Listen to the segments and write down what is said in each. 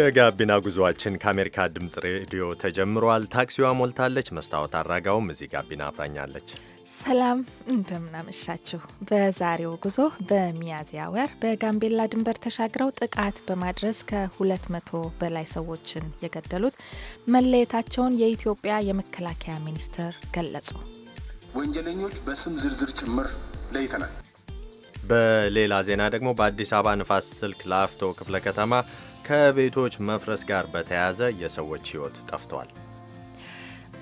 የጋቢና ጉዞአችን ከአሜሪካ ድምፅ ሬዲዮ ተጀምሯል። ታክሲዋ ሞልታለች። መስታወት አድራጋውም እዚህ ጋቢና አብራኛለች። ሰላም እንደምናመሻችሁ። በዛሬው ጉዞ በሚያዝያ ወር በጋምቤላ ድንበር ተሻግረው ጥቃት በማድረስ ከሁለት መቶ በላይ ሰዎችን የገደሉት መለየታቸውን የኢትዮጵያ የመከላከያ ሚኒስቴር ገለጹ። ወንጀለኞች በስም ዝርዝር ጭምር ለይተናል። በሌላ ዜና ደግሞ በአዲስ አበባ ንፋስ ስልክ ላፍቶ ክፍለ ከተማ ከቤቶች መፍረስ ጋር በተያያዘ የሰዎች ሕይወት ጠፍቷል።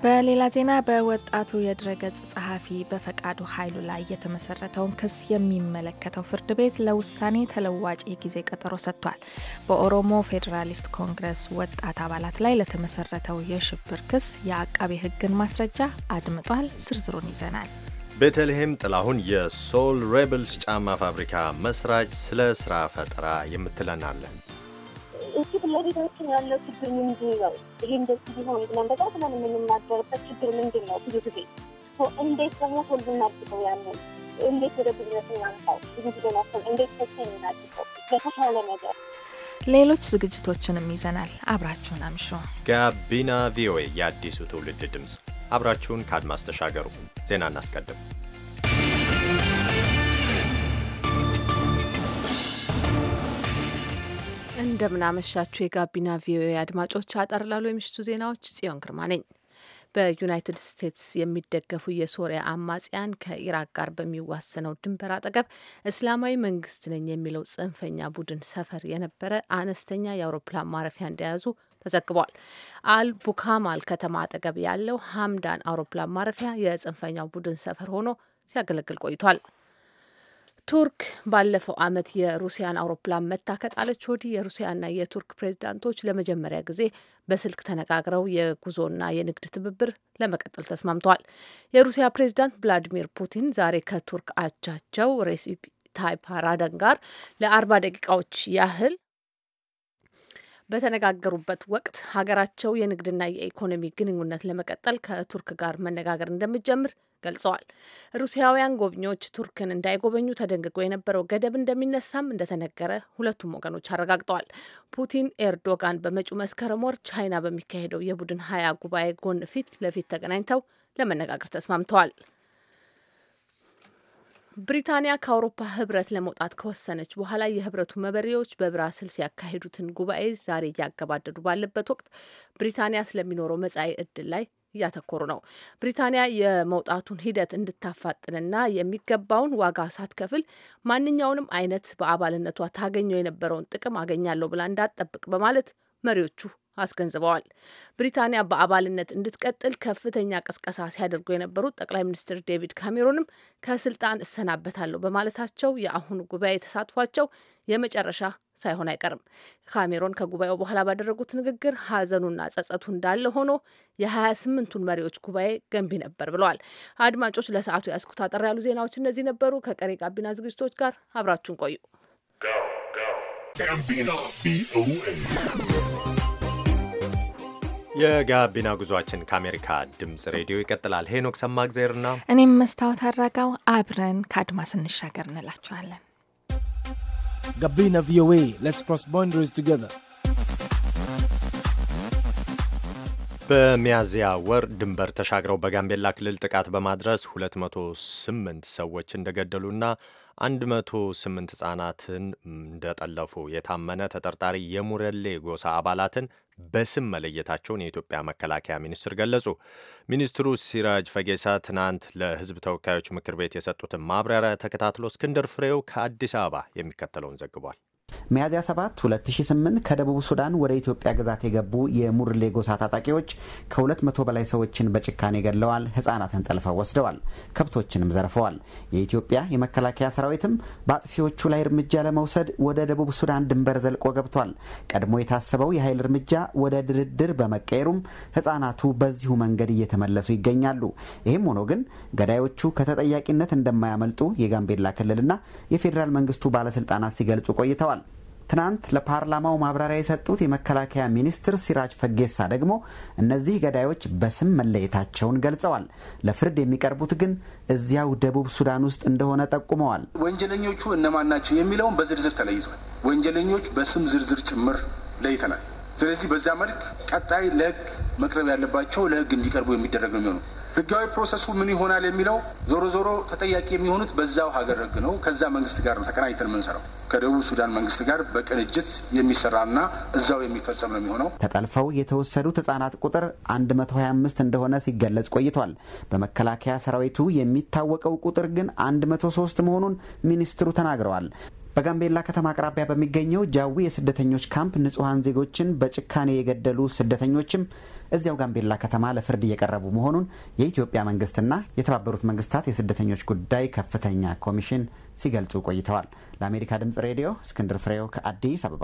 በሌላ ዜና በወጣቱ የድረገጽ ጸሐፊ በፈቃዱ ኃይሉ ላይ የተመሰረተውን ክስ የሚመለከተው ፍርድ ቤት ለውሳኔ ተለዋጭ የጊዜ ቀጠሮ ሰጥቷል። በኦሮሞ ፌዴራሊስት ኮንግረስ ወጣት አባላት ላይ ለተመሰረተው የሽብር ክስ የአቃቤ ሕግን ማስረጃ አድምጧል። ዝርዝሩን ይዘናል። ቤተልሔም ጥላሁን የሶል ሬብልስ ጫማ ፋብሪካ መስራች፣ ስለ ስራ ፈጠራ የምትለናለን። እሺ ፍላጎታችን ያለው ችግር ምንድን ነው? ይህ እንደዚህ ቢሆን ብለን በጣም ብለን የምንናገርበት ችግር ምንድን ነው? ብዙ ጊዜ እንዴት ደግሞ ሶል ብናድገው ያንን እንዴት ወደ ብዝነት እናምጣው? ብዙ ጊዜ ናሰብ እንዴት ሰ እናድገው ለተሻለ ነገር ሌሎች ዝግጅቶችንም ይዘናል። አብራችሁን አምሹ። ጋቢና ቪኦኤ የአዲሱ ትውልድ ድምፅ አብራችሁን ከአድማስ ተሻገሩ። ዜና እናስቀድም። እንደምናመሻችሁ የጋቢና ቪኦኤ አድማጮች፣ አጠር ላሉ የምሽቱ ዜናዎች ጽዮን ግርማ ነኝ። በዩናይትድ ስቴትስ የሚደገፉ የሶሪያ አማጽያን ከኢራቅ ጋር በሚዋሰነው ድንበር አጠገብ እስላማዊ መንግስት ነኝ የሚለው ጽንፈኛ ቡድን ሰፈር የነበረ አነስተኛ የአውሮፕላን ማረፊያ እንደያዙ ተዘግቧል። አልቡካማል ከተማ አጠገብ ያለው ሀምዳን አውሮፕላን ማረፊያ የጽንፈኛው ቡድን ሰፈር ሆኖ ሲያገለግል ቆይቷል። ቱርክ ባለፈው ዓመት የሩሲያን አውሮፕላን መታ ከጣለች ወዲህ የሩሲያና የቱርክ ፕሬዚዳንቶች ለመጀመሪያ ጊዜ በስልክ ተነጋግረው የጉዞና የንግድ ትብብር ለመቀጠል ተስማምተዋል። የሩሲያ ፕሬዚዳንት ቭላዲሚር ፑቲን ዛሬ ከቱርክ አቻቸው ሬሲፕ ታይፕ ራደን ጋር ለአርባ ደቂቃዎች ያህል በተነጋገሩበት ወቅት ሀገራቸው የንግድና የኢኮኖሚ ግንኙነት ለመቀጠል ከቱርክ ጋር መነጋገር እንደሚጀምር ገልጸዋል። ሩሲያውያን ጎብኚዎች ቱርክን እንዳይጎበኙ ተደንግጎ የነበረው ገደብ እንደሚነሳም እንደተነገረ ሁለቱም ወገኖች አረጋግጠዋል። ፑቲን ኤርዶጋን በመጪው መስከረም ወር ቻይና በሚካሄደው የቡድን ሀያ ጉባኤ ጎን ፊት ለፊት ተገናኝተው ለመነጋገር ተስማምተዋል። ብሪታንያ ከአውሮፓ ህብረት ለመውጣት ከወሰነች በኋላ የህብረቱ መሪዎች በብራስልስ ያካሄዱትን ጉባኤ ዛሬ እያገባደዱ ባለበት ወቅት ብሪታንያ ስለሚኖረው መጻኢ እድል ላይ እያተኮሩ ነው። ብሪታንያ የመውጣቱን ሂደት እንድታፋጥንና የሚገባውን ዋጋ ሳትከፍል ማንኛውንም አይነት በአባልነቷ ታገኘው የነበረውን ጥቅም አገኛለሁ ብላ እንዳትጠብቅ በማለት መሪዎቹ አስገንዝበዋል። ብሪታንያ በአባልነት እንድትቀጥል ከፍተኛ ቅስቀሳ ሲያደርጉ የነበሩት ጠቅላይ ሚኒስትር ዴቪድ ካሜሮንም ከስልጣን እሰናበታለሁ በማለታቸው የአሁኑ ጉባኤ ተሳትፏቸው የመጨረሻ ሳይሆን አይቀርም። ካሜሮን ከጉባኤው በኋላ ባደረጉት ንግግር ሀዘኑና ጸጸቱ እንዳለ ሆኖ የሀያ ስምንቱን መሪዎች ጉባኤ ገንቢ ነበር ብለዋል። አድማጮች፣ ለሰዓቱ ያስኩት አጠር ያሉ ዜናዎች እነዚህ ነበሩ። ከቀሪ ጋቢና ዝግጅቶች ጋር አብራችሁን ቆዩ። የጋቢና ጉዟችን ከአሜሪካ ድምጽ ሬዲዮ ይቀጥላል። ሄኖክ እግዜርና እኔም መስታወት አራጋው አብረን ከአድማስ እንሻገር እንላችኋለን። ጋቢና ቪኦኤ ሌትስ ክሮስ ቦንደሪስ ቱጌዘር በሚያዝያ ወር ድንበር ተሻግረው በጋምቤላ ክልል ጥቃት በማድረስ 208 ሰዎች እንደገደሉና 108 ሕፃናትን እንደጠለፉ የታመነ ተጠርጣሪ የሙረሌ ጎሳ አባላትን በስም መለየታቸውን የኢትዮጵያ መከላከያ ሚኒስትር ገለጹ። ሚኒስትሩ ሲራጅ ፈጌሳ ትናንት ለሕዝብ ተወካዮች ምክር ቤት የሰጡትን ማብራሪያ ተከታትሎ እስክንድር ፍሬው ከአዲስ አበባ የሚከተለውን ዘግቧል። ሚያዝያ 7 2008 ከደቡብ ሱዳን ወደ ኢትዮጵያ ግዛት የገቡ የሙርሌ ጎሳ ታጣቂዎች ከ200 በላይ ሰዎችን በጭካኔ ገድለዋል። ህጻናትን ጠልፈው ወስደዋል። ከብቶችንም ዘርፈዋል። የኢትዮጵያ የመከላከያ ሰራዊትም በአጥፊዎቹ ላይ እርምጃ ለመውሰድ ወደ ደቡብ ሱዳን ድንበር ዘልቆ ገብቷል። ቀድሞ የታሰበው የኃይል እርምጃ ወደ ድርድር በመቀየሩም ህጻናቱ በዚሁ መንገድ እየተመለሱ ይገኛሉ። ይህም ሆኖ ግን ገዳዮቹ ከተጠያቂነት እንደማያመልጡ የጋምቤላ ክልልና የፌዴራል መንግስቱ ባለስልጣናት ሲገልጹ ቆይተዋል። ትናንት ለፓርላማው ማብራሪያ የሰጡት የመከላከያ ሚኒስትር ሲራጅ ፈጌሳ ደግሞ እነዚህ ገዳዮች በስም መለየታቸውን ገልጸዋል። ለፍርድ የሚቀርቡት ግን እዚያው ደቡብ ሱዳን ውስጥ እንደሆነ ጠቁመዋል። ወንጀለኞቹ እነማን ናቸው የሚለውን በዝርዝር ተለይቷል። ወንጀለኞች በስም ዝርዝር ጭምር ለይተናል። ስለዚህ በዛ መልክ ቀጣይ ለህግ መቅረብ ያለባቸው ለህግ እንዲቀርቡ የሚደረግ ነው የሚሆነው። ህጋዊ ፕሮሰሱ ምን ይሆናል የሚለው ዞሮ ዞሮ ተጠያቂ የሚሆኑት በዛው ሀገር ህግ ነው። ከዛ መንግስት ጋር ነው ተቀናጅተን የምንሰራው። ከደቡብ ሱዳን መንግስት ጋር በቅንጅት የሚሰራና እዛው የሚፈጸም ነው የሚሆነው። ተጠልፈው የተወሰዱት ህጻናት ቁጥር 125 እንደሆነ ሲገለጽ ቆይቷል። በመከላከያ ሰራዊቱ የሚታወቀው ቁጥር ግን 103 መሆኑን ሚኒስትሩ ተናግረዋል። በጋምቤላ ከተማ አቅራቢያ በሚገኘው ጃዊ የስደተኞች ካምፕ ንጹሐን ዜጎችን በጭካኔ የገደሉ ስደተኞችም እዚያው ጋምቤላ ከተማ ለፍርድ እየቀረቡ መሆኑን የኢትዮጵያ መንግስትና የተባበሩት መንግስታት የስደተኞች ጉዳይ ከፍተኛ ኮሚሽን ሲገልጹ ቆይተዋል። ለአሜሪካ ድምጽ ሬዲዮ እስክንድር ፍሬው ከአዲስ አበባ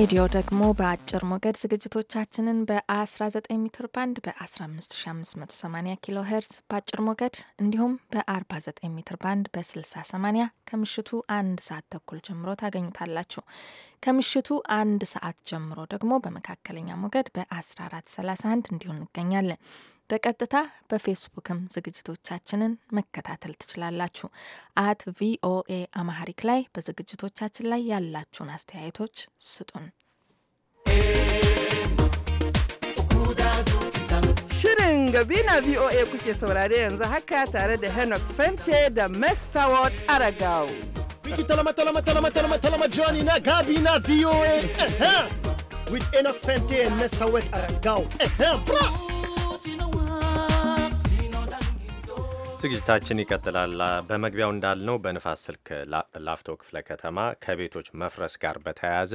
ሬዲዮ ደግሞ በአጭር ሞገድ ዝግጅቶቻችንን በ19 ሜትር ባንድ በ15580 ኪሎ ሄርዝ በአጭር ሞገድ እንዲሁም በ49 ሜትር ባንድ በ6080 ከምሽቱ አንድ ሰዓት ተኩል ጀምሮ ታገኙታላችሁ። ከምሽቱ አንድ ሰዓት ጀምሮ ደግሞ በመካከለኛ ሞገድ በ1431 እንዲሁን እንገኛለን። በቀጥታ በፌስቡክም ዝግጅቶቻችንን መከታተል ትችላላችሁ። አት ቪኦኤ አማሐሪክ ላይ በዝግጅቶቻችን ላይ ያላችሁን አስተያየቶች ስጡን። Shirin Gabina VOA kuke saurare yanzu haka tare da Henok Fente da Mestaward Aragao. Wiki talama talama talama talama talama Johnny na Gabina VOA. With Enoch Fente and Mestaward Aragao. ዝግጅታችን ይቀጥላል። በመግቢያው እንዳልነው በንፋስ ስልክ ላፍቶ ክፍለ ከተማ ከቤቶች መፍረስ ጋር በተያያዘ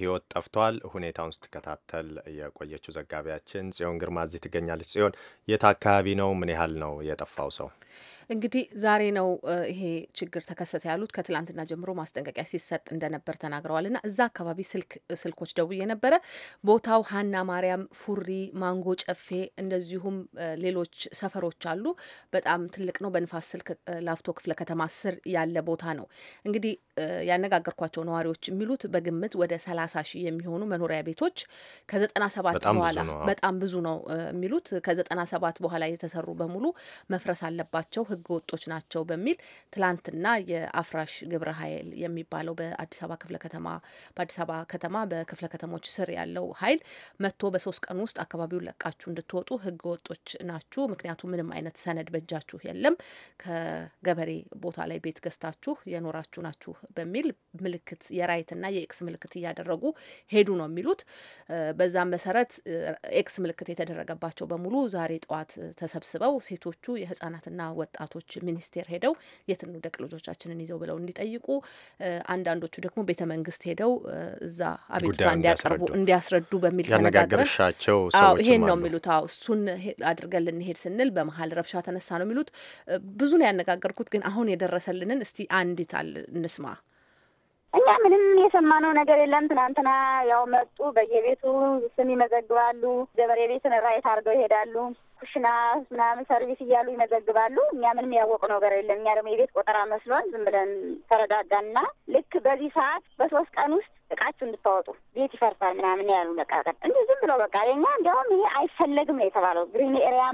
ሕይወት ጠፍቷል። ሁኔታውን ስትከታተል የቆየችው ዘጋቢያችን ጽዮን ግርማ እዚህ ትገኛለች። ጽዮን፣ የት አካባቢ ነው? ምን ያህል ነው የጠፋው ሰው? እንግዲህ ዛሬ ነው ይሄ ችግር ተከሰተ ያሉት። ከትላንትና ጀምሮ ማስጠንቀቂያ ሲሰጥ እንደነበር ተናግረዋል። እና እዛ አካባቢ ስልክ ስልኮች ደውዬ ነበረ። ቦታው ሀና ማርያም፣ ፉሪ፣ ማንጎ ጨፌ እንደዚሁም ሌሎች ሰፈሮች አሉ። በጣም ትልቅ ነው። በንፋስ ስልክ ላፍቶ ክፍለ ከተማ ስር ያለ ቦታ ነው። እንግዲህ ያነጋገርኳቸው ነዋሪዎች የሚሉት በግምት ወደ ሰላሳ ሺህ የሚሆኑ መኖሪያ ቤቶች ከዘጠና ሰባት በኋላ በጣም ብዙ ነው የሚሉት ከዘጠና ሰባት በኋላ የተሰሩ በሙሉ መፍረስ አለባቸው ህገወጦች ናቸው በሚል ትላንትና የአፍራሽ ግብረ ኃይል የሚባለው በአዲስ አበባ ክፍለ ከተማ በአዲስ አበባ ከተማ በክፍለ ከተሞች ስር ያለው ኃይል መጥቶ በሶስት ቀን ውስጥ አካባቢውን ለቃችሁ እንድትወጡ ህገወጦች ናችሁ፣ ምክንያቱም ምንም አይነት ሰነድ በእጃችሁ የለም፣ ከገበሬ ቦታ ላይ ቤት ገዝታችሁ የኖራችሁ ናችሁ በሚል ምልክት የራይትና የኤክስ ምልክት እያደረጉ ሄዱ ነው የሚሉት። በዛም መሰረት ኤክስ ምልክት የተደረገባቸው በሙሉ ዛሬ ጠዋት ተሰብስበው ሴቶቹ የህጻናትና ወጣ ወጣቶች ሚኒስቴር ሄደው የት እንውደቅ ልጆቻችንን ይዘው ብለው እንዲጠይቁ፣ አንዳንዶቹ ደግሞ ቤተ መንግስት ሄደው እዛ አቤቱታ እንዲያቀርቡ እንዲያስረዱ በሚል ተነጋገርሻቸው። ተነጋግረሻቸው ይሄን ነው የሚሉት። አዎ እሱን አድርገን ልንሄድ ስንል በመሀል ረብሻ ተነሳ ነው የሚሉት። ብዙ ነው ያነጋገርኩት፣ ግን አሁን የደረሰልንን እስቲ አንዲት አል እንስማ። እኛ ምንም የሰማነው ነገር የለም። ትናንትና ያው መጡ፣ በየቤቱ ስም ይመዘግባሉ። ገበሬ ቤትን ራይት አድርገው ይሄዳሉ። ኩሽና ምናምን ሰርቪስ እያሉ ይመዘግባሉ። እኛ ምንም ያወቁ ነገር የለም። እኛ ደግሞ የቤት ቆጠራ መስሎን ዝም ብለን ተረዳዳንና ልክ በዚህ ሰዓት በሶስት ቀን ውስጥ እቃችሁ እንድታወጡ ቤት ይፈርሳል ምናምን ያሉ መቃቀል እንዲ ዝም ብሎ በቃ እኛ እንዲያውም ይሄ አይፈለግም ነው የተባለው። ግሪን ኤሪያ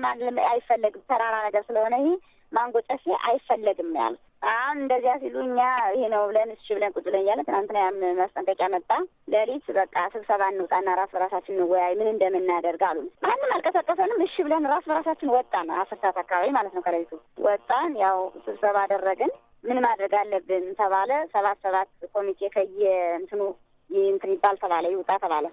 አይፈለግም ተራራ ነገር ስለሆነ ይሄ ማንጎጨሴ አይፈለግም ያሉ አሁን እንደዚያ ሲሉ እኛ ይሄ ነው ብለን እሺ ብለን ቁጭ ብለን እያለ ትናንትና ያም ማስጠንቀቂያ መጣ። ሌሊት በቃ ስብሰባ እንውጣና ራስ በራሳችን እንወያይ ምን እንደምናደርግ አሉ። ማንም አልቀሰቀሰንም። እሺ ብለን ራስ በራሳችን ወጣን። አስር ሰዓት አካባቢ ማለት ነው። ከሌሊቱ ወጣን። ያው ስብሰባ አደረግን። ምን ማድረግ አለብን ተባለ። ሰባት ሰባት ኮሚቴ ከየ እንትኑ እንትን ይባል ተባለ፣ ይውጣ ተባለ።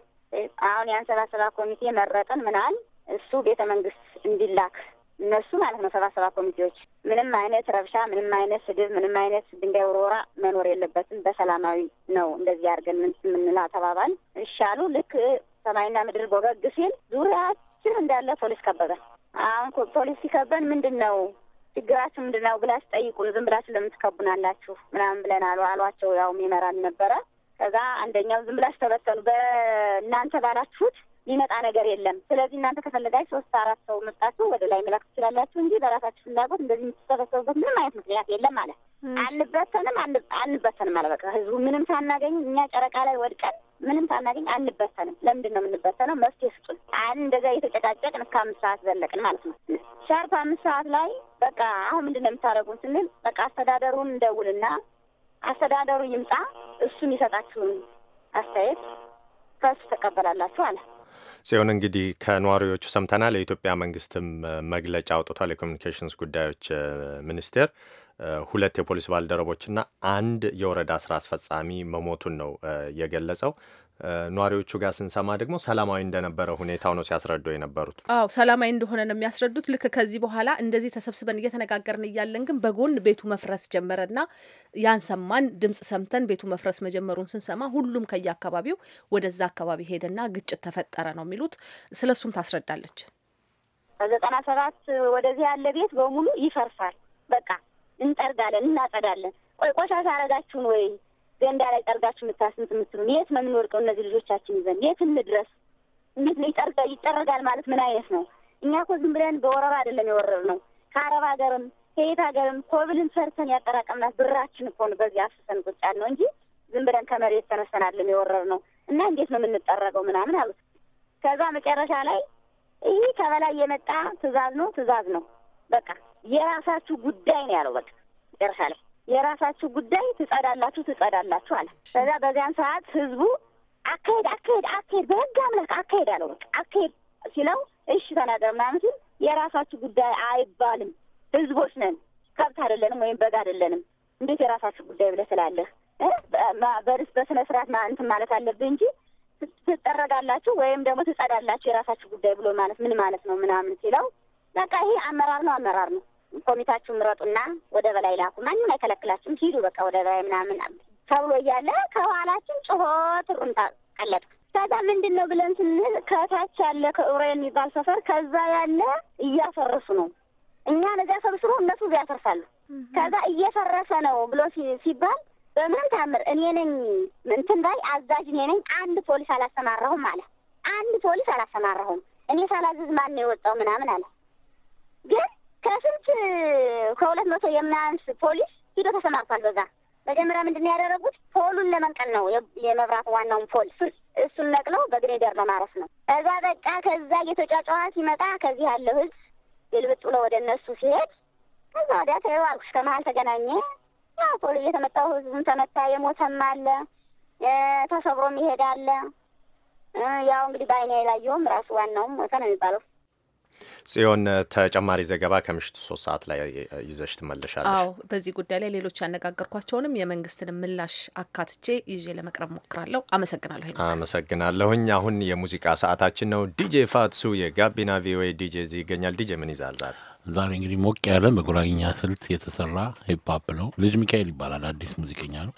አሁን ያን ሰባት ሰባት ኮሚቴ መረጥን። ምናል እሱ ቤተ መንግስት እንዲላክ እነሱ ማለት ነው ሰባ ሰባ ኮሚቴዎች ምንም አይነት ረብሻ፣ ምንም አይነት ስድብ፣ ምንም አይነት ድንጋይ ውርወራ መኖር የለበትም። በሰላማዊ ነው እንደዚህ አድርገን የምንላ ተባባል እሻሉ ልክ ሰማይና ምድር ቦገግ ሲል ዙሪያችን እንዳለ ፖሊስ ከበበን። አሁን ፖሊስ ሲከበን ምንድን ነው ችግራችሁ ምንድን ነው ብላችሁ ጠይቁን፣ ዝም ብላችሁ ለምትከቡን ምናምን ብለን አሉ አሏቸው። ያው የሚመራን ነበረ። ከዛ አንደኛው ዝም ብላችሁ ተበተኑ በእናንተ ባላችሁት የሚመጣ ነገር የለም። ስለዚህ እናንተ ከፈለጋችሁ ሶስት አራት ሰው መጣችሁ ወደ ላይ መላክ ትችላላችሁ እንጂ በራሳችሁ ፍላጎት እንደዚህ የምትሰበሰቡበት ምንም አይነት ምክንያት የለም ማለት አንበተንም አንበተንም አለ በቃ ህዝቡ ምንም ሳናገኝ እኛ ጨረቃ ላይ ወድቀን ምንም ሳናገኝ አንበተንም። ለምንድን ነው የምንበተነው? መፍትሄ ስጡን። አን እንደዚያ እየተጨቃጨቅን እስከ አምስት ሰዓት ዘለቅን ማለት ነው። ሻርፕ አምስት ሰዓት ላይ በቃ አሁን ምንድን ነው የምታደርጉን ስንል በቃ አስተዳደሩን እንደውልና አስተዳደሩ ይምጣ እሱን ይሰጣችሁን አስተያየት ከእሱ ተቀበላላችሁ አለ። ጽዮን እንግዲህ ከነዋሪዎቹ ሰምተናል። የኢትዮጵያ መንግስትም መግለጫ አውጥቷል። የኮሚኒኬሽንስ ጉዳዮች ሚኒስቴር ሁለት የፖሊስ ባልደረቦችና አንድ የወረዳ ስራ አስፈጻሚ መሞቱን ነው የገለጸው። ነዋሪዎቹ ጋር ስንሰማ ደግሞ ሰላማዊ እንደነበረ ሁኔታው ነው ሲያስረዱ የነበሩት። አዎ ሰላማዊ እንደሆነ ነው የሚያስረዱት። ልክ ከዚህ በኋላ እንደዚህ ተሰብስበን እየተነጋገርን እያለን ግን በጎን ቤቱ መፍረስ ጀመረና ያን ሰማን ድምጽ ሰምተን ቤቱ መፍረስ መጀመሩን ስንሰማ ሁሉም ከየአካባቢው ወደዛ አካባቢ ሄደና ግጭት ተፈጠረ ነው የሚሉት። ስለሱም ታስረዳለች። ዘጠና ሰባት ወደዚህ ያለ ቤት በሙሉ ይፈርሳል። በቃ እንጠርጋለን፣ እናጸዳለን። ቆይ ቆሻሻ አረጋችሁን ወይ ገንዳ ላይ ጠርጋችሁ የምታስምት የምትሉ የት ነው የምንወድቀው? እነዚህ ልጆቻችን ይዘን የት እንድረስ? እንዴት ነው ይጠረጋል ማለት ምን አይነት ነው? እኛ እኮ ዝም ብለን በወረራ አይደለም የወረር ነው ከአረብ ሀገርም ከየት ሀገርም ኮብልን ሰርተን ያጠራቀምናት ብራችን እኮ ነው በዚህ አፍሰን ቁጭ ያልነው እንጂ ዝም ብለን ከመሬት ተነስተናለን የወረር ነው እና እንዴት ነው የምንጠረገው? ምናምን አሉት። ከዛ መጨረሻ ላይ ይህ ከበላይ የመጣ ትዕዛዝ ነው ትዕዛዝ ነው በቃ የራሳችሁ ጉዳይ ነው ያለው። በቃ መጨረሻ ላይ የራሳችሁ ጉዳይ ትጸዳላችሁ፣ ትጸዳላችሁ አለ። ከዛ በዚያን ሰዓት ህዝቡ አካሄድ አካሄድ አካሄድ በህግ አምላክ አካሄድ አለው። በቃ አካሄድ ሲለው እሺ ተናገር ምናምን ሲል የራሳችሁ ጉዳይ አይባልም፣ ህዝቦች ነን፣ ከብት አይደለንም ወይም በግ አይደለንም። እንዴት የራሳችሁ ጉዳይ ብለህ ስላለህ በርስ በስነ ስርዓት እንትን ማለት አለብህ እንጂ ትጠረጋላችሁ ወይም ደግሞ ትጸዳላችሁ የራሳችሁ ጉዳይ ብሎ ማለት ምን ማለት ነው ምናምን ሲለው በቃ ይሄ አመራር ነው አመራር ነው ኮሚታችሁ ምረጡና ወደ በላይ ላኩ፣ ማንም አይከለክላችሁም፣ ሂዱ በቃ ወደ በላይ ምናምን ተብሎ እያለ ከኋላችን ጮሆ ትሩምታ ቀለጡ። ከዛ ምንድን ነው ብለን ስንል ከታች ያለ ከኡሬ የሚባል ሰፈር ከዛ ያለ እያፈረሱ ነው። እኛ ነዚያ ሰብስሮ እነሱ እዚያ ያፈርሳሉ። ከዛ እየፈረሰ ነው ብሎ ሲባል በምን ታምር እኔ ነኝ እንትን ባይ አዛዥ እኔ ነኝ። አንድ ፖሊስ አላሰማራሁም አለ። አንድ ፖሊስ አላሰማራሁም እኔ ሳላዝዝ ማን ነው የወጣው ምናምን አለ ግን ከስንት ከሁለት መቶ የማያንስ ፖሊስ ሂዶ ተሰማርቷል። በዛ መጀመሪያ ምንድን ነው ያደረጉት? ፖሉን ለመንቀል ነው የመብራት ዋናውን ፖል እሱን ነቅለው በግሬደር ለማረፍ ነው። እዛ በቃ ከዛ እየተጫጫዋ ሲመጣ ከዚህ ያለው ህዝብ ግልብጥ ብሎ ወደ እነሱ ሲሄድ ከዛ ወዲያ ተዋልኩሽ ከመሀል ተገናኘ። ያው ፖል እየተመጣው ህዝቡን ተመታ፣ የሞተም አለ፣ ተሰብሮም ይሄዳለ። ያው እንግዲህ በአይኔ ላየውም ራሱ ዋናውም ሞተ ነው የሚባለው ጽዮን ተጨማሪ ዘገባ ከምሽቱ ሶስት ሰዓት ላይ ይዘሽ ትመለሻለሽ። አዎ በዚህ ጉዳይ ላይ ሌሎች ያነጋገርኳቸውንም የመንግስትን ምላሽ አካትቼ ይዤ ለመቅረብ ሞክራለሁ። አመሰግናለሁ። አመሰግናለሁኝ። አሁን የሙዚቃ ሰዓታችን ነው። ዲጄ ፋትሱ የጋቢና ቪኦኤ ዲጄ እዚህ ይገኛል። ዲጄ ምን ይዛል ዛሬ? ዛሬ እንግዲህ ሞቅ ያለ በጉራግኛ ስልት የተሰራ ሂፕሀፕ ነው። ልጅ ሚካኤል ይባላል። አዲስ ሙዚቀኛ ነው።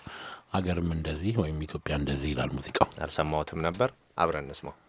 ሀገርም እንደዚህ ወይም ኢትዮጵያ እንደዚህ ይላል ሙዚቃው። አልሰማሁትም ነበር። አብረን እንስማው።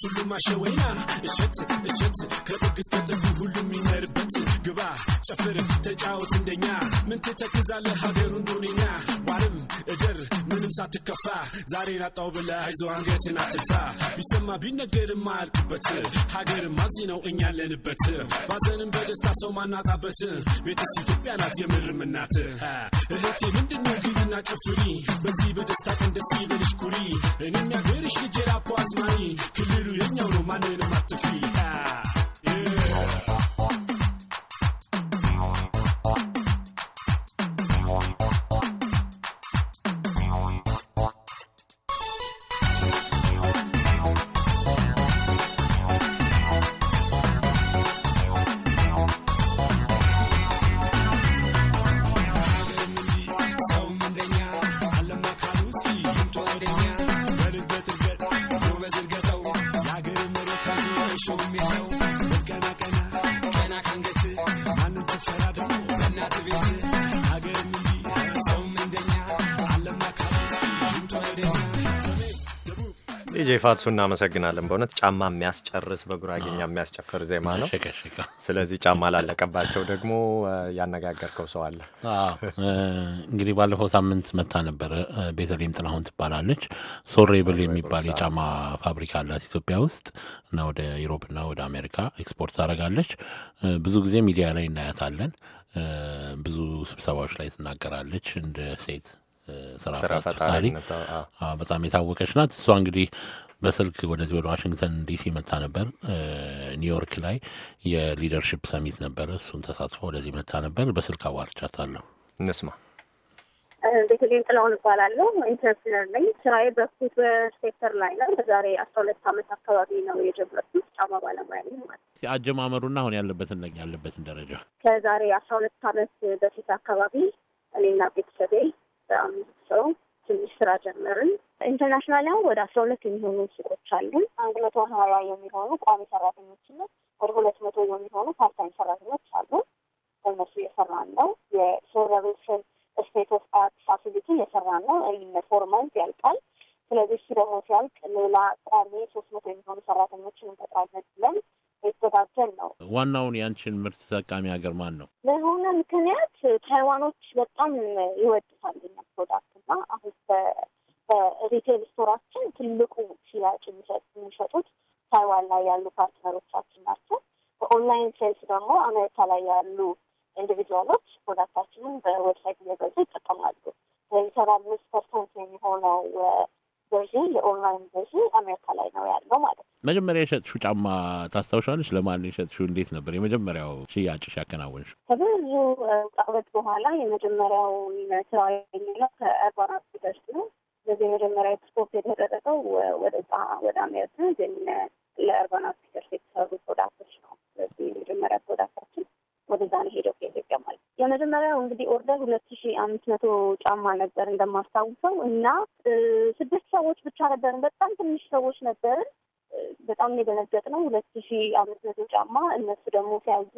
ሁሉም አሸወና እሸት እሸት ከጥግ እስከ ጥግ ሁሉም ይነርበት ግባ ጨፍር ተጫወት እንደኛ ምን ትተክዛለህ ሀገሩ እንደሆነኛ መቼም ሳትከፋ ዛሬን አጣው ብለ አይዞ አንገትን አትድፋ። ቢሰማ ቢነገር አያልቅበት ሀገርም ማዚ ነው እኛ ያለንበት። ባዘንም በደስታ ሰው ማናጣበት ቤትስ ኢትዮጵያ ናት የምርም እናት። እህቴ ምንድነው ግቢና ጨፍሪ በዚህ በደስታ ቀን ደስ ይበልሽ ኩሪ። እኔም ያገርሽ ልጅ ክልሉ የኛው ነው ማንንም አትፍሪ። ፋትሱ እናመሰግናለን። በእውነት ጫማ የሚያስጨርስ በጉራጌኛ የሚያስጨፍር ዜማ ነው። ስለዚህ ጫማ ላለቀባቸው ደግሞ ያነጋገርከው ሰው አለ? እንግዲህ ባለፈው ሳምንት መታ ነበረ። ቤተልሔም ጥላሁን ትባላለች። ሶሬብል የሚባል የጫማ ፋብሪካ አላት ኢትዮጵያ ውስጥ እና ወደ ዩሮፕና ወደ አሜሪካ ኤክስፖርት ታደርጋለች። ብዙ ጊዜ ሚዲያ ላይ እናያታለን። ብዙ ስብሰባዎች ላይ ትናገራለች እንደ ሴት ስራ ፈጣሪ በጣም የታወቀች ናት። እሷ እንግዲህ በስልክ ወደዚህ ወደ ዋሽንግተን ዲሲ መታ ነበር። ኒውዮርክ ላይ የሊደርሽፕ ሰሚት ነበረ። እሱን ተሳትፎ ወደዚህ መታ ነበር። በስልክ አዋርቻታለሁ። እንስማ። ቤተልሔም ጥላሁን እባላለሁ። ኢንተርፕሪነር ነኝ። ስራዬ በፉትዌር ሴክተር ላይ ነው። በዛሬ አስራ ሁለት አመት አካባቢ ነው የጀመርኩት። ጫማ ባለሙያ ነኝ ማለት ነው። አጀማመሩና አሁን ያለበትን ያለበትን ደረጃ ከዛሬ አስራ ሁለት አመት በፊት አካባቢ እኔና ቤተሰቤ በአምስት ሰው ትንሽ ስራ ጀመርን። ኢንተርናሽናል ያሁን ወደ አስራ ሁለት የሚሆኑ ሱቆች አሉን። አንድ መቶ ሀያ የሚሆኑ ቋሚ ሰራተኞች ሰራተኞችና ወደ ሁለት መቶ የሚሆኑ ፓርታይም ሰራተኞች አሉ። በእነሱ እየሰራ ነው። የሶረቤሽን ስቴት ኦፍ አርት ፋሲሊቲ እየሰራ ነው። ይህ ፎር ማንት ያልቃል። ስለዚህ እሱ ደግሞ ሲያልቅ ሌላ ቋሚ ሶስት መቶ የሚሆኑ ሰራተኞችን እንቀጥራለን ብለን የተዘጋጀን ነው። ዋናውን የአንችን ምርት ተጠቃሚ ሀገር ማን ነው? ለሆነ ምክንያት ታይዋኖች በጣም ይወድታል ፕሮዳክት አሁን በሪቴል ስቶራችን ትልቁ ሽያጭ የሚሸጡት ታይዋን ላይ ያሉ ፓርትነሮቻችን ናቸው። በኦንላይን ሴልስ ደግሞ አሜሪካ ላይ ያሉ ኢንዲቪጁዋሎች ፕሮዳክታችንን በዌብሳይት እየገዙ ይጠቀማሉ። ሰባ አምስት ፐርሰንት የሚሆነው ገዢ የኦንላይን ገዢ አሜሪካ ላይ ነው ያለው ማለት ነው። መጀመሪያ የሸጥሹ ጫማ ታስታውሻለች? ለማን የሸጥሹ? እንዴት ነበር የመጀመሪያው ሽያጭሽ ያከናወንሽ? ከብዙ ጣበት በኋላ የመጀመሪያው ስራ የሚለው ከእርባና ገዥ ነው። በዚህ የመጀመሪያ ኤክስፖርት የተጠጠቀው ወደ ወደ አሜሪካ ግን ለእርባና ፒተርስ የተሰሩ ፕሮዳክቶች ነው። ስለዚህ የመጀመሪያ ፕሮዳክታችን ወደዛ ነው ሄደው ከኢትዮጵያ ማለት የመጀመሪያው እንግዲህ ኦርደር ሁለት ሺ አምስት መቶ ጫማ ነበር እንደማስታውሰው እና ስድስት ሰዎች ብቻ ነበርን። በጣም ትንሽ ሰዎች ነበርን። በጣም የደነገጥ ነው። ሁለት ሺ አምስት መቶ ጫማ እነሱ ደግሞ ሲያዙ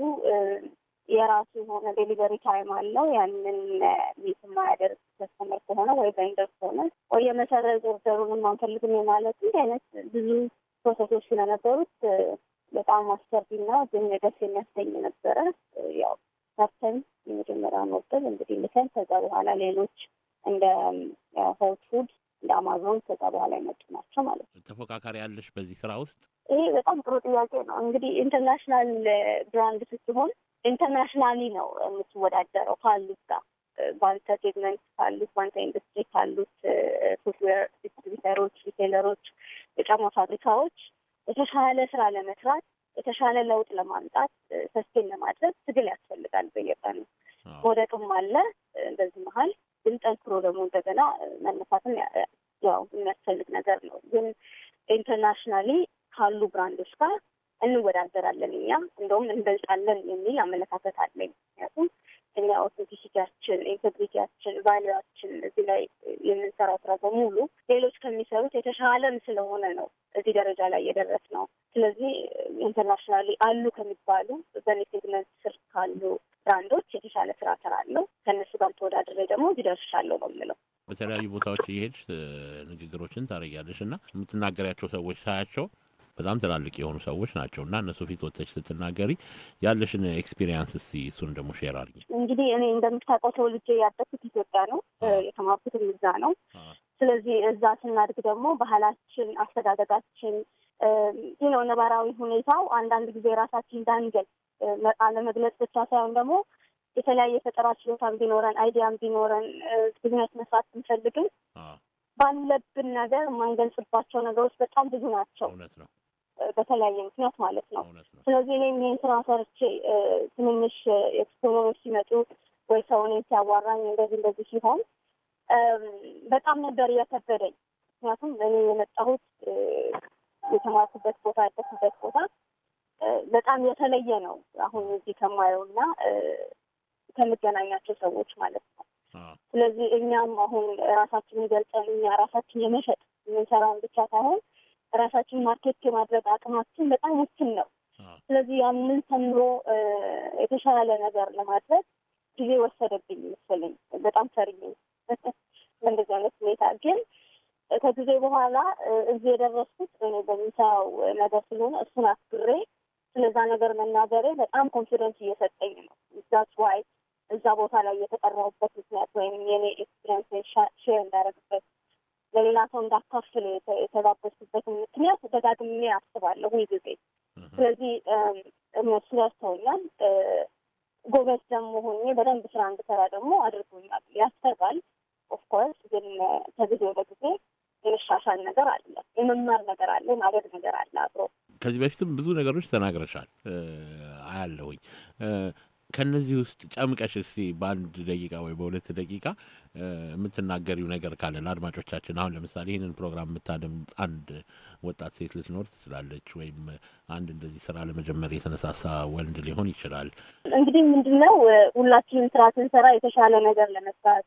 የራሱ የሆነ ዴሊቨሪ ታይም አለው። ያንን ሚት የማያደርግ ከስተመር ከሆነ ወይ ቬንደር ከሆነ ወይ የመሰረዝ ኦርደሩን የማንፈልግም ማለት እንዲህ አይነት ብዙ ፕሮሰሶች ስለነበሩት በጣም አስፈሪና ግን ደስ የሚያሰኝ ነበረ። ያው ሰርተን የመጀመሪያ ወቅት እንግዲህ ልከን ከዛ በኋላ ሌሎች እንደ ሆት ፉድ እንደ አማዞን ከዛ በኋላ የመጡ ናቸው ማለት ነው። ተፎካካሪ ያለሽ በዚህ ስራ ውስጥ? ይሄ በጣም ጥሩ ጥያቄ ነው። እንግዲህ ኢንተርናሽናል ብራንድ ስትሆን ኢንተርናሽናሊ ነው የምትወዳደረው ካሉት ጋር በአንተ ሴግመንት ካሉት በአንተ ኢንዱስትሪ ካሉት ፉትዌር ዲስትሪቢተሮች፣ ሪቴለሮች፣ የጫማ ፋብሪካዎች የተሻለ ስራ ለመስራት የተሻለ ለውጥ ለማምጣት ሰስቴን ለማድረግ ትግል ያስፈልጋል። በየቀኑ መውደቅም አለ። በዚህ መሀል ግን ጠንክሮ ደግሞ እንደገና መነሳትም ያው የሚያስፈልግ ነገር ነው። ግን ኢንተርናሽናሊ ካሉ ብራንዶች ጋር እንወዳደራለን እኛ እንደውም እንበልጣለን የሚል አመለካከት አለኝ። ምክንያቱም እኛ አውተንቲሲቲያችን፣ ኢንቴግሪቲያችን፣ ቫሊያችን እዚህ ላይ የምንሰራው ስራ በሙሉ ሌሎች ከሚሰሩት የተሻለም ስለሆነ ነው እዚህ ደረጃ ላይ የደረስ ነው። ስለዚህ ኢንተርናሽናሊ አሉ ከሚባሉ በኔ ሴግመንት ስር ካሉ ብራንዶች የተሻለ ስራ ሰራለሁ። ከእነሱ ጋር ተወዳድሬ ደግሞ እዚህ ደርሻለሁ ነው የምለው። በተለያዩ ቦታዎች እየሄድሽ ንግግሮችን ታደርጊያለሽ እና የምትናገሪያቸው ሰዎች ሳያቸው በጣም ትላልቅ የሆኑ ሰዎች ናቸው እና እነሱ ፊት ወጥተሽ ስትናገሪ ያለሽን ኤክስፒሪየንስ እስኪ እሱን ደግሞ ሼር አድርጊ። እንግዲህ እኔ እንደምታውቀው ተወልጄ ያደኩት ኢትዮጵያ ነው፣ የተማርኩትም እዛ ነው። ስለዚህ እዛ ስናድግ ደግሞ ባህላችን፣ አስተዳደጋችን፣ ይኸው ነባራዊ ሁኔታው አንዳንድ ጊዜ ራሳችን እንዳንገል አለመግለጽ ብቻ ሳይሆን ደግሞ የተለያየ ፈጠራ ችሎታም ቢኖረን አይዲያም ቢኖረን ቢዝነስ መስራት ብንፈልግም ባለብን ነገር የማንገልጽባቸው ነገሮች በጣም ብዙ ናቸው። በተለያየ ምክንያት ማለት ነው። ስለዚህ እኔም ይህን ስራ ሰርቼ ትንንሽ ኤክስፕሎሮች ሲመጡ ወይ ሰው እኔን ሲያዋራኝ እንደዚህ እንደዚህ ሲሆን በጣም ነበር እያከበደኝ። ምክንያቱም እኔ የመጣሁት የተማርኩበት ቦታ ያደኩበት ቦታ በጣም የተለየ ነው አሁን እዚህ ከማየው እና ከምገናኛቸው ሰዎች ማለት ነው። ስለዚህ እኛም አሁን ራሳችንን ገልጸን እኛ ራሳችን የመሸጥ የምንሰራውን ብቻ ሳይሆን ራሳችን ማርኬት የማድረግ አቅማችን በጣም ውስን ነው። ስለዚህ ያንን ተምሮ የተሻለ ነገር ለማድረግ ጊዜ ወሰደብኝ መሰለኝ። በጣም ፈርኝ በእንደዚህ አይነት ሁኔታ ግን ከጊዜ በኋላ እዚህ የደረስኩት እኔ በሚሰራው ነገር ስለሆነ እሱን አክብሬ ስለዛ ነገር መናገሬ በጣም ኮንፊደንስ እየሰጠኝ ነው። ዛት ዋይ እዛ ቦታ ላይ የተጠራሁበት ምክንያት ወይም የኔ ኤክስፒሪንስ ሼር እንዳደረግበት ለሌላ ሰው እንዳካፍል የተጋበዝኩበትን ምክንያት ደጋግሜ አስባለሁ ጊዜ። ስለዚህ እነሱ ያስተውኛል። ጎበዝ ደግሞ ሆኜ በደንብ ስራ እንድሰራ ደግሞ አድርጎኛል። ያሰጋል። ኦፍኮርስ ግን ከጊዜ ወደ ጊዜ የመሻሻል ነገር አለ፣ የመማር ነገር አለ፣ የማደግ ነገር አለ አብሮ። ከዚህ በፊትም ብዙ ነገሮች ተናግረሻል አያለሁኝ። ከነዚህ ውስጥ ጨምቀሽ እስቲ በአንድ ደቂቃ ወይ በሁለት ደቂቃ የምትናገሪው ነገር ካለ ለአድማጮቻችን። አሁን ለምሳሌ ይህንን ፕሮግራም የምታደምጥ አንድ ወጣት ሴት ልትኖር ትችላለች፣ ወይም አንድ እንደዚህ ስራ ለመጀመር የተነሳሳ ወንድ ሊሆን ይችላል። እንግዲህ ምንድነው ሁላችንም ስራ ስንሰራ የተሻለ ነገር ለመስራት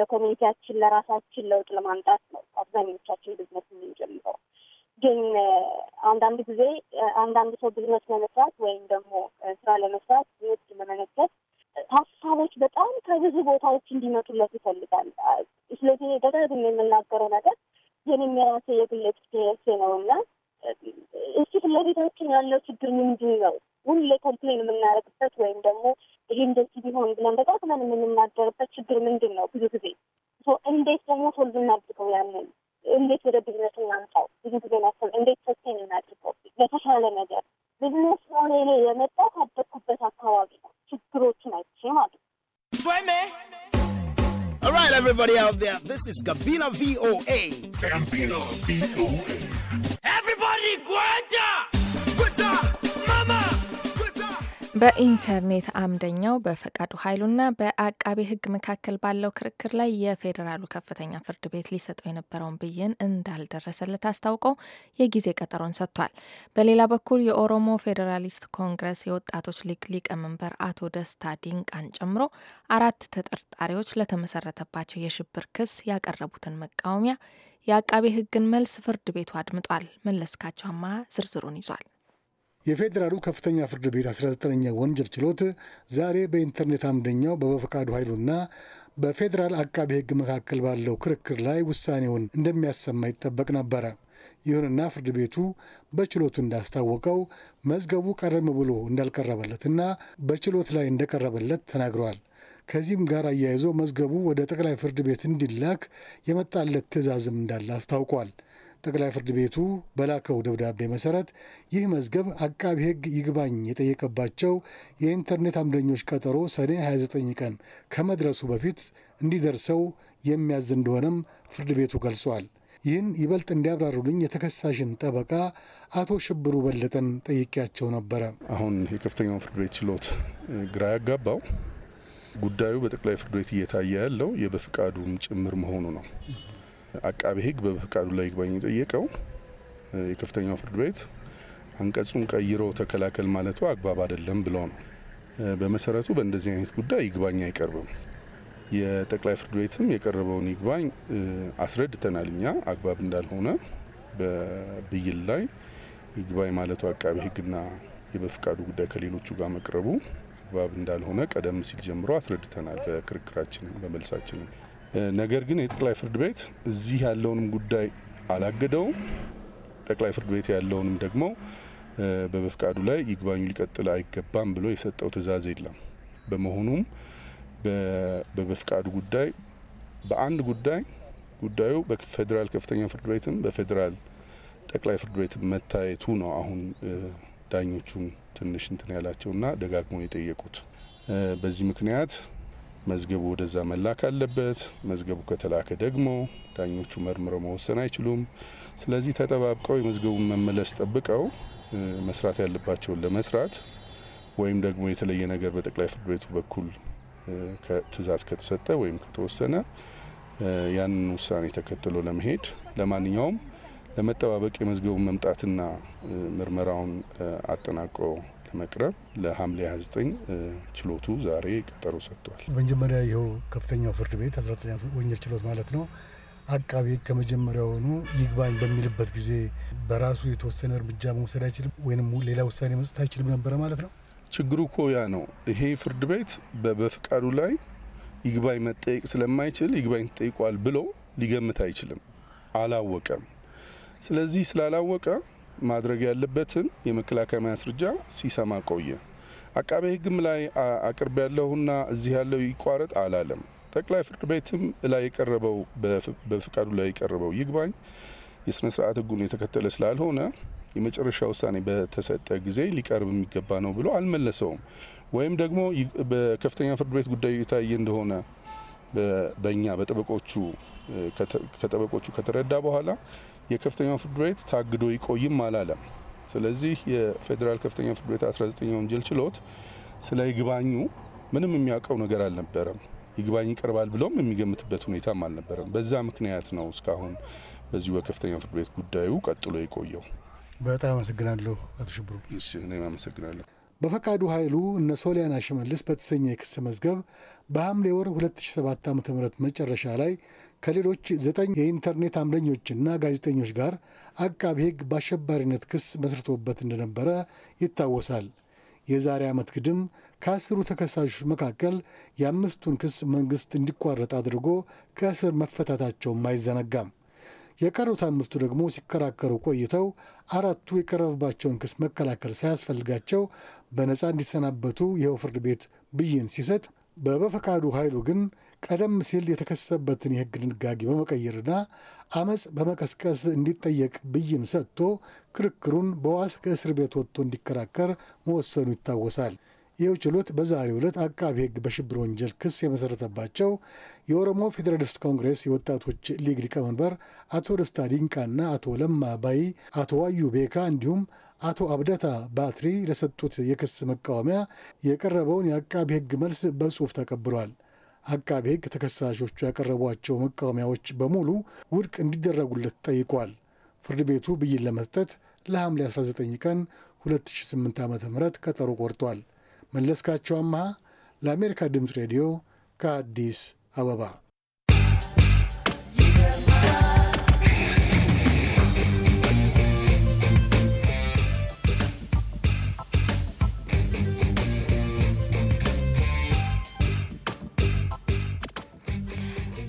ለኮሚኒቲያችን፣ ለራሳችን ለውጥ ለማምጣት ነው አብዛኞቻችን ብዝነት የምንጀምረው ግን አንዳንድ ጊዜ አንዳንድ ሰው ቢዝነስ ለመስራት ወይም ደግሞ ስራ ለመስራት ንግድ ለመነገድ ሀሳቦች በጣም ከብዙ ቦታዎች እንዲመጡለት ይፈልጋል። ስለዚህ ደጋግም የምናገረው ነገር የኔም የራሴ የግል ኤክስፒሪየንስ ነው እና እስቲ ፍለቤታችን ያለው ችግር ምንድን ነው? ሁሌ ኮምፕሌን የምናደርግበት ወይም ደግሞ ይሄ እንደዚህ ቢሆን ብለን በጣም ብለን የምንናገርበት ችግር ምንድን ነው? ብዙ ጊዜ እንዴት ደግሞ ሶልቭ እናድርገው ያንን እንዴት ወደ ቢዝነስ እናምጣው ብዙ ጊዜ ናቸው። እንዴት ሰስቴን እናድርገው ለተሻለ ነገር ቢዝነስ ሆነ ሌ የመጣው ካደኩበት አካባቢ ነው ችግሮችን አይቼ ማለት ነው። All right, everybody out there, this is Gabina VOA. Gabina VOA. Everybody, go! በኢንተርኔት አምደኛው በፈቃዱ ኃይሉና በአቃቤ ሕግ መካከል ባለው ክርክር ላይ የፌዴራሉ ከፍተኛ ፍርድ ቤት ሊሰጠው የነበረውን ብይን እንዳልደረሰለት አስታውቆ የጊዜ ቀጠሮን ሰጥቷል። በሌላ በኩል የኦሮሞ ፌዴራሊስት ኮንግረስ የወጣቶች ሊግ ሊቀመንበር አቶ ደስታ ዲንቃን ጨምሮ አራት ተጠርጣሪዎች ለተመሰረተባቸው የሽብር ክስ ያቀረቡትን መቃወሚያ የአቃቤ ሕግን መልስ ፍርድ ቤቱ አድምጧል። መለስካቸው አማሃ ዝርዝሩን ይዟል። የፌዴራሉ ከፍተኛ ፍርድ ቤት 19ኛ ወንጀል ችሎት ዛሬ በኢንተርኔት አምደኛው በበፈቃዱ ኃይሉና በፌዴራል አቃቢ ሕግ መካከል ባለው ክርክር ላይ ውሳኔውን እንደሚያሰማ ይጠበቅ ነበረ። ይሁንና ፍርድ ቤቱ በችሎቱ እንዳስታወቀው መዝገቡ ቀደም ብሎ እንዳልቀረበለትና በችሎት ላይ እንደቀረበለት ተናግረዋል። ከዚህም ጋር አያይዞ መዝገቡ ወደ ጠቅላይ ፍርድ ቤት እንዲላክ የመጣለት ትዕዛዝም እንዳለ አስታውቋል። ጠቅላይ ፍርድ ቤቱ በላከው ደብዳቤ መሰረት ይህ መዝገብ አቃቢ ሕግ ይግባኝ የጠየቀባቸው የኢንተርኔት አምደኞች ቀጠሮ ሰኔ 29 ቀን ከመድረሱ በፊት እንዲደርሰው የሚያዝ እንደሆነም ፍርድ ቤቱ ገልጿል። ይህን ይበልጥ እንዲያብራሩልኝ የተከሳሽን ጠበቃ አቶ ሽብሩ በለጠን ጠይቄያቸው ነበረ። አሁን የከፍተኛውን ፍርድ ቤት ችሎት ግራ ያጋባው ጉዳዩ በጠቅላይ ፍርድ ቤት እየታየ ያለው የበፍቃዱም ጭምር መሆኑ ነው። አቃቤ ሕግ በፍቃዱ ላይ ይግባኝ የጠየቀው የከፍተኛው ፍርድ ቤት አንቀጹን ቀይሮ ተከላከል ማለቱ አግባብ አይደለም ብሎ ነው። በመሰረቱ በእንደዚህ አይነት ጉዳይ ይግባኝ አይቀርብም። የጠቅላይ ፍርድ ቤትም የቀረበውን ይግባኝ አስረድተናል። እኛ አግባብ እንዳልሆነ በብይን ላይ ይግባኝ ማለቱ አቃቤ ሕግና የበፍቃዱ ጉዳይ ከሌሎቹ ጋር መቅረቡ አግባብ እንዳልሆነ ቀደም ሲል ጀምሮ አስረድተናል። በክርክራችንም በመልሳችንም ነገር ግን የጠቅላይ ፍርድ ቤት እዚህ ያለውንም ጉዳይ አላገደውም። ጠቅላይ ፍርድ ቤት ያለውንም ደግሞ በበፍቃዱ ላይ ይግባኙ ሊቀጥል አይገባም ብሎ የሰጠው ትዕዛዝ የለም። በመሆኑም በበፍቃዱ ጉዳይ በአንድ ጉዳይ ጉዳዩ በፌዴራል ከፍተኛ ፍርድ ቤትም በፌዴራል ጠቅላይ ፍርድ ቤት መታየቱ ነው። አሁን ዳኞቹን ትንሽ እንትን ያላቸውና ደጋግሞ የጠየቁት በዚህ ምክንያት መዝገቡ ወደዛ መላክ አለበት። መዝገቡ ከተላከ ደግሞ ዳኞቹ መርምረው መወሰን አይችሉም። ስለዚህ ተጠባብቀው የመዝገቡን መመለስ ጠብቀው መስራት ያለባቸውን ለመስራት ወይም ደግሞ የተለየ ነገር በጠቅላይ ፍርድ ቤቱ በኩል ትዕዛዝ ከተሰጠ ወይም ከተወሰነ ያንን ውሳኔ ተከትሎ ለመሄድ ለማንኛውም ለመጠባበቅ የመዝገቡን መምጣትና ምርመራውን አጠናቆ መቅረብ ለሐምሌ 29 ችሎቱ ዛሬ ቀጠሮ ሰጥቷል። መጀመሪያ ይኸው ከፍተኛው ፍርድ ቤት 19ኛ ወንጀል ችሎት ማለት ነው አቃቤ ከመጀመሪያውኑ ይግባኝ በሚልበት ጊዜ በራሱ የተወሰነ እርምጃ መውሰድ አይችልም ወይም ሌላ ውሳኔ መስጠት አይችልም ነበረ ማለት ነው። ችግሩ እኮ ያ ነው። ይሄ ፍርድ ቤት በፍቃዱ ላይ ይግባኝ መጠየቅ ስለማይችል ይግባኝ ተጠይቋል ብሎ ሊገምት አይችልም። አላወቀም። ስለዚህ ስላላወቀ ማድረግ ያለበትን የመከላከያ ማስረጃ ሲሰማ ቆየ። አቃቤ ሕግም ላይ አቅርብ ያለሁና እዚህ ያለው ይቋረጥ አላለም። ጠቅላይ ፍርድ ቤትም ላይ የቀረበው በፍቃዱ ላይ የቀረበው ይግባኝ የስነ ስርዓት ህጉን የተከተለ ስላልሆነ የመጨረሻ ውሳኔ በተሰጠ ጊዜ ሊቀርብ የሚገባ ነው ብሎ አልመለሰውም። ወይም ደግሞ በከፍተኛ ፍርድ ቤት ጉዳዩ የታየ እንደሆነ በእኛ በጠበቆቹ ከጠበቆቹ ከተረዳ በኋላ የከፍተኛው ፍርድ ቤት ታግዶ ይቆይም አላለም። ስለዚህ የፌዴራል ከፍተኛ ፍርድ ቤት 19ኛ ወንጀል ችሎት ስለ ይግባኙ ምንም የሚያውቀው ነገር አልነበረም። ይግባኝ ይቀርባል ብለውም የሚገምትበት ሁኔታም አልነበረም። በዛ ምክንያት ነው እስካሁን በዚሁ በከፍተኛ ፍርድ ቤት ጉዳዩ ቀጥሎ የቆየው። በጣም አመሰግናለሁ አቶ ሽብሩ። እሺ እኔም አመሰግናለሁ። በፈቃዱ ኃይሉ እነ ሶሊያና ሽመልስ በተሰኘ የክስ መዝገብ በሐምሌ ወር 2007 ዓ ም መጨረሻ ላይ ከሌሎች ዘጠኝ የኢንተርኔት አምለኞችና ጋዜጠኞች ጋር አቃቢ ሕግ በአሸባሪነት ክስ መስርቶበት እንደነበረ ይታወሳል። የዛሬ ዓመት ግድም ከአስሩ ተከሳሾች መካከል የአምስቱን ክስ መንግሥት እንዲቋረጥ አድርጎ ከእስር መፈታታቸውም አይዘነጋም። የቀሩት አምስቱ ደግሞ ሲከራከሩ ቆይተው አራቱ የቀረበባቸውን ክስ መከላከል ሳያስፈልጋቸው በነፃ እንዲሰናበቱ ይኸው ፍርድ ቤት ብይን ሲሰጥ በበፈቃዱ ኃይሉ ግን ቀደም ሲል የተከሰሰበትን የሕግ ድንጋጌ በመቀየርና አመፅ በመቀስቀስ እንዲጠየቅ ብይን ሰጥቶ ክርክሩን በዋስ ከእስር ቤት ወጥቶ እንዲከራከር መወሰኑ ይታወሳል። ይኸው ችሎት በዛሬው ዕለት አቃቢ ሕግ በሽብር ወንጀል ክስ የመሠረተባቸው የኦሮሞ ፌዴራሊስት ኮንግሬስ የወጣቶች ሊግ ሊቀመንበር አቶ ደስታ ዲንቃና አቶ ለማ ባይ፣ አቶ ዋዩ ቤካ እንዲሁም አቶ አብደታ ባትሪ ለሰጡት የክስ መቃወሚያ የቀረበውን የአቃቢ ሕግ መልስ በጽሑፍ ተቀብሏል። አቃቢ ሕግ ተከሳሾቹ ያቀረቧቸው መቃወሚያዎች በሙሉ ውድቅ እንዲደረጉለት ጠይቋል። ፍርድ ቤቱ ብይን ለመስጠት ለሐምሌ 19 ቀን 2008 ዓ ም ቀጠሮ ቆርጧል። መለስካቸው አመሃ ለአሜሪካ ድምፅ ሬዲዮ ከአዲስ አበባ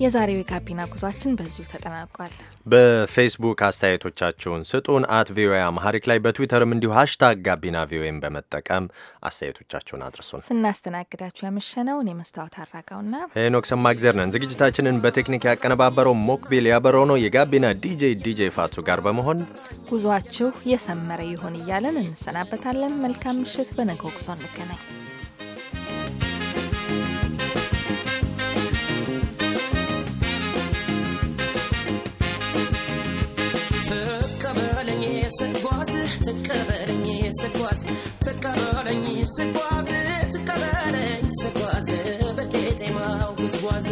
የዛሬው የጋቢና ጉዟችን በዚሁ ተጠናቋል። በፌስቡክ አስተያየቶቻችሁን ስጡን፣ አት ቪኦኤ አማሐሪክ ላይ በትዊተርም እንዲሁ ሀሽታግ ጋቢና ቪኦኤን በመጠቀም አስተያየቶቻችሁን አድርሱን። ስናስተናግዳችሁ ያመሸነው እኔ መስታወት አራጋውና ሄኖክ ሰማግዜር ነን። ዝግጅታችንን በቴክኒክ ያቀነባበረው ሞክቢል ያበረው ነው። የጋቢና ዲጄ ዲጄ ፋቱ ጋር በመሆን ጉዟችሁ የሰመረ ይሁን እያለን እንሰናበታለን። መልካም ምሽት። በነገው ጉዞ እንገናኝ። ስጓዝ ትቀበለኝ ስጓዝ ትቀበለኝ ስጓዝ ትቀበለኝ ስጓዝ በቄጤማው ጉዝጓዝ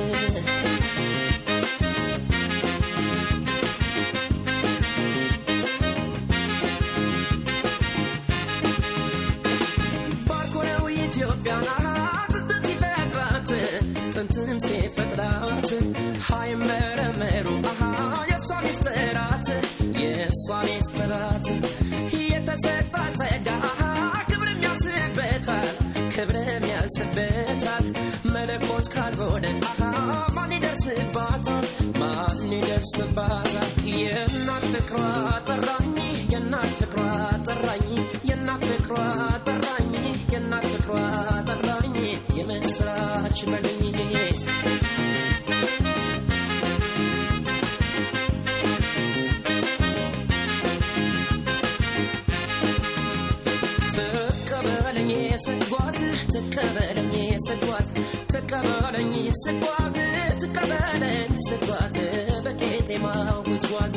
ይደርስበታል መለኮት ካልሆነ ማን ይደርስባታል ማን ይደርስባታል የእናት ፍቅሯ ጠራኝ የእናት ፍቅሯ ጠራኝ ስጓዝ ተቀበለኝ ስጓዝ ተቀበለኝ ስጓዝ በቄጤማ ውዝዋዝ